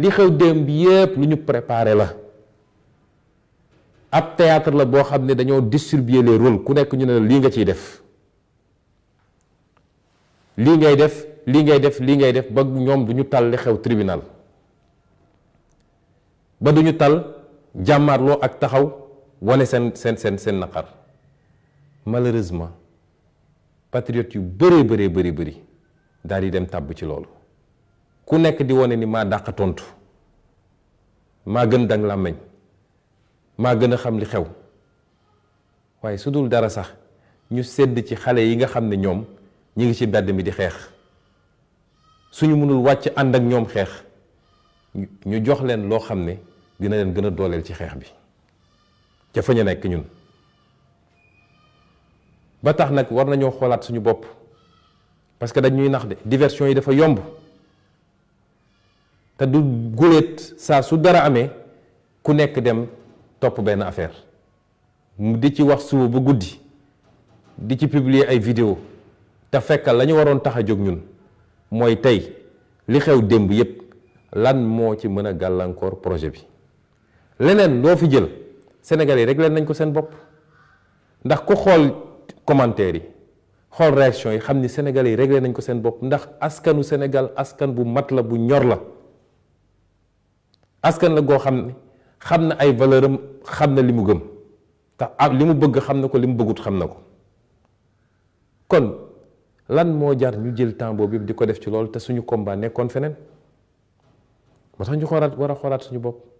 li xew démb yépp lu ñu préparé la ab théâtre la boo xam ne dañoo distribuer les rôles ku nekk ñu ne la lii nga ciy def lii ngay def lii ngay def lii ngay def ba ñoom du ñu tal li xew tribunal ba du ñu tal jàmmaarloo ak taxaw wane seen seen seen seen naqar malheureusement patriotes yu bëree bëree bëri bëri daal di dem tàbb ci loolu ku nekk di wane ni maa dàq tontu maa gën dang làmmeñ maa gën a xam li xew waaye su dul dara sax ñu sedd ci xale yi nga xam ne ñoom ñi ngi ci mbedd mi di xeex suñu mënul wàcc ànd ak ñoom xeex ñu jox leen loo xam ne dina leen gën a dooleel ci xeex bi ca fa nekk ñun ba tax nag war nañoo xoolaat suñu bopp parce que dañ ñuy nax de diversion yi dafa yomb te du guléet saa su dara amee ku nekk dem topp benn affaire di ci wax suba bu guddi di ci publier ay vidéo te fekkal lañu waroon tax a jóg ñun mooy tey li xew démb yépp lan moo ci mën a gàllankoor projet bi leneen loo fi jël sénégal yi rek leen nañ ko seen bopp ndax ku xool commentaires yi xool réaction yi xam ni Sénégalais yi réglé nañ ko seen bopp ndax askanu Sénégal askan bu mat la bu ñor la askan la goo xam ne xam na ay valeur am xam na li mu gëm tax ah li mu bëgg xam na ko li mu bëggut xam na ko kon lan moo jar ñu jël temps boobu yëpp di ko def ci loolu te suñu combat nekkoon feneen moo tax ñu xoolaat war a xoolaat suñu bopp.